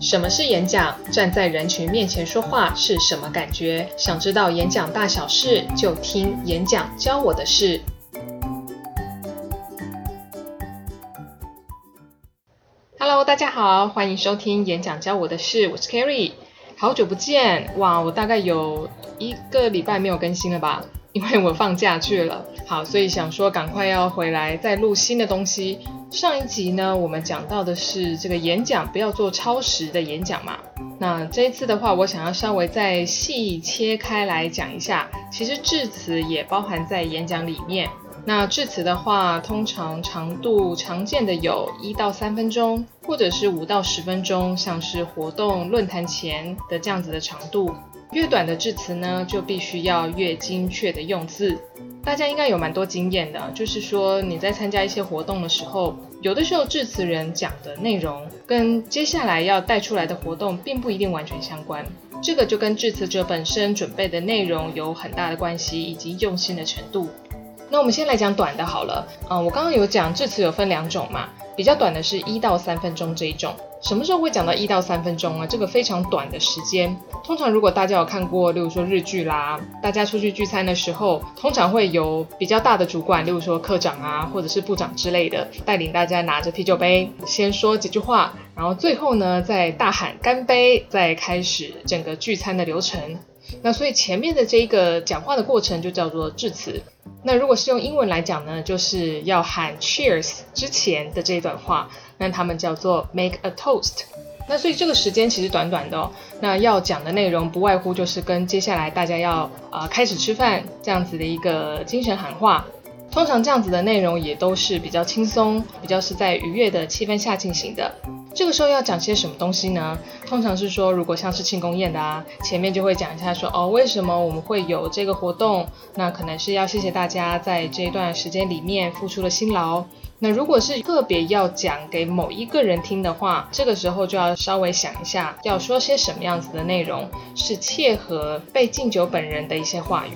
什麼是演講？站在人群面前說話是什麼感覺？想知道演講大小事，就聽《演講教我的事》。Hello，大家好，歡迎收聽《演講教我的事》，我是 Carrie，好久不見，哇，我大概有一個禮拜沒有更新了吧。因為我放假去了，好，所以想說趕快要回來再錄新的東西。上一集呢，我們講到的是這個演講不要做超時的演講嘛。那這一次的話，我想要稍微再細切開來講一下。其實致辭也包含在演講裡面。那致辭的話，通常長度常見的有一到三分鐘，或者是五到十分鐘，像是活動論壇前的這樣子的長度。越短的致詞呢，就必須要越精確的用字。大家應該有蠻多經驗的，就是說你在參加一些活動的時候，有的時候致詞人講的內容跟接下來要帶出來的活動並不一定完全相關。這個就跟致詞者本身準備的內容有很大的關係，以及用心的程度。那我們先來講短的好了，嗯、呃，我剛剛有講致辭有分兩種嘛，比較短的是一到三分鐘這一種。什麼時候會講到一到三分鐘啊？這個非常短的時間，通常如果大家有看過，例如說日劇啦，大家出去聚餐的時候，通常會有比較大的主管，例如說課長啊，或者是部長之類的，帶領大家拿着啤酒杯，先說幾句話，然後最後呢再大喊乾杯，再開始整個聚餐的流程。那所以前面的這一個講話的過程就叫做致辭。那如果是用英文來講呢，就是要喊 cheers 之前的這一段話，那他們叫做 make a toast。那所以這個時間其實短短的哦。那要講的內容不外乎就是跟接下來大家要啊、呃、開始吃飯這樣子的一個精神喊話。通常這樣子的內容也都是比較輕鬆，比較是在愉悅的氣氛下進行的。這個時候要講些什麼東西呢？通常是說，如果像是慶功宴的啊，前面就會講一下說，哦，為什麼我們會有這個活動？那可能是要謝謝大家在這一段時間裡面付出了辛勞。那如果是特別要講給某一個人聽的話，這個時候就要稍微想一下，要說些什麼樣子的內容，是切合被敬酒本人的一些話語。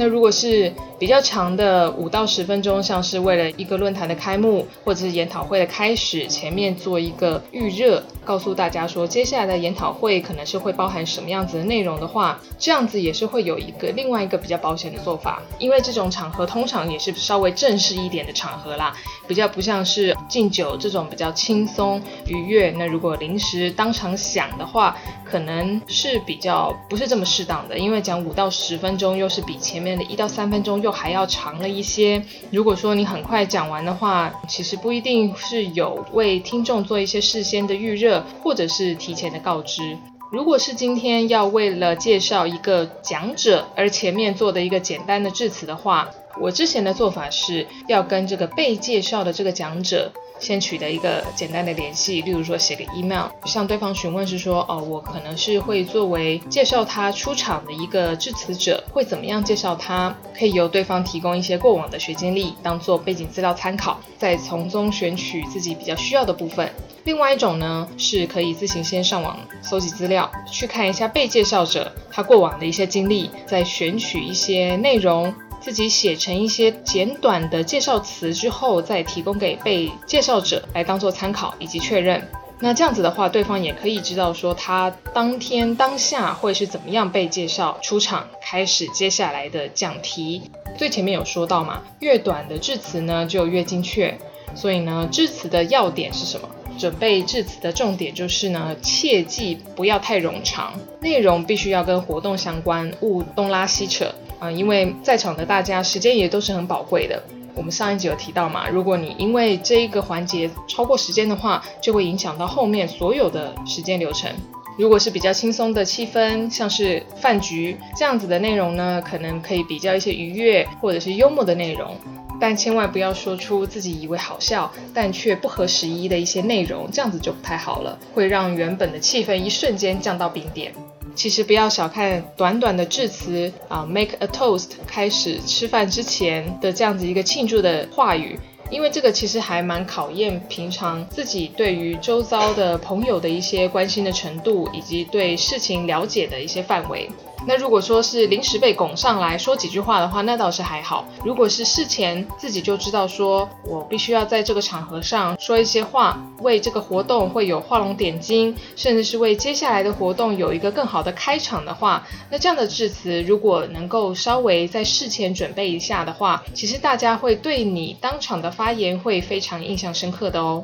那如果是比較長的五到十分鐘，像是為了一個論壇的開幕或者是研討會的開始，前面做一個預熱，告訴大家說接下來的研討會可能是會包含什麼樣子的內容的話，這樣子也是會有一個另外一個比較保險的做法，因為這種場合通常也是稍微正式一點的場合啦，比較不像是敬酒這種比較輕鬆愉悅。那如果臨時當場想的話，可能是比較不是這麼適當的，因為講五到十分鐘又是比前面。一到三分鐘又還要長了一些。如果說你很快講完的話，其實不一定是有為聽眾做一些事先的預熱，或者是提前的告知。如果是今天要為了介紹一個講者而前面做的一個簡單的致詞的話，我之前的做法是要跟這個被介紹的這個講者先取得一個簡單的聯繫，例如說寫個 email 向對方詢問是說，哦，我可能是會作為介紹他出場的一個致詞者，會怎麼樣介紹他？可以由對方提供一些過往的學經歷當做背景資料參考，再從中選取自己比較需要的部分。另外一種呢，是可以自行先上網搜集資料，去看一下被介紹者他過往的一些經歷，再選取一些內容，自己寫成一些簡短的介紹詞之後，再提供給被介紹者來當做參考以及確認。那這樣子的話，對方也可以知道說他當天當下會是怎麼樣被介紹出場，開始接下來的講題。最前面有說到嘛，越短的致詞呢就越精確，所以呢，致詞的要點是什麼？準備致辭的重點就是呢，切記不要太冗長，內容必須要跟活動相關，勿東拉西扯啊，嗯！因為在場的大家時間也都是很寶貴的。我們上一集有提到嘛，如果你因為這一個環節超過時間的話，就會影響到後面所有的時間流程。如果是比較輕鬆的氣氛，像是飯局這樣子的內容呢，可能可以比較一些愉悅或者是幽默的內容。但千萬不要說出自己以為好笑，但卻不合時宜的一些內容，這樣子就不太好了，會讓原本的氣氛一瞬間降到冰點。其實不要小看短短的致辭啊，uh，make a toast，開始吃飯之前的這樣子一個慶祝的話語，因為這個其實還蠻考驗平常自己對於周遭的朋友的一些關心的程度，以及對事情了解的一些範圍。那如果說是臨時被拱上來說幾句話的話，那倒是還好。如果是事前自己就知道說我必須要在這個場合上說一些話，為這個活動會有畫龍點睛，甚至是為接下來的活動有一個更好的開場的話，那這樣的致辭如果能夠稍微在事前準備一下的話，其實大家會對你當場的發言會非常印象深刻的哦。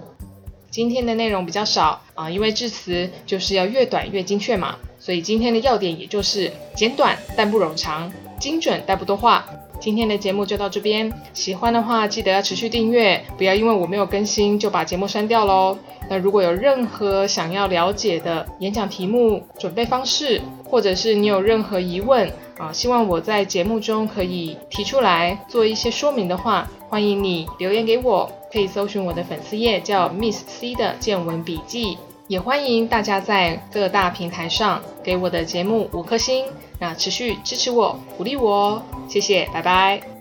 今天的內容比較少啊，因為致辭就是要越短越精確嘛。所以今天的要點也就是簡短但不冗長，精準但不多話。今天的節目就到這邊，喜歡的話記得要持續訂閱，不要因為我沒有更新就把節目刪掉嘍。那如果有任何想要了解的演講題目準備方式，或者是你有任何疑問啊，希望我在節目中可以提出來做一些說明的話，歡迎你留言給我，可以搜尋我的粉絲頁叫 Miss C 的見聞筆記。也歡迎大家在各大平台上給我的節目五顆星，那持續支持我，鼓勵我哦。謝謝，拜拜。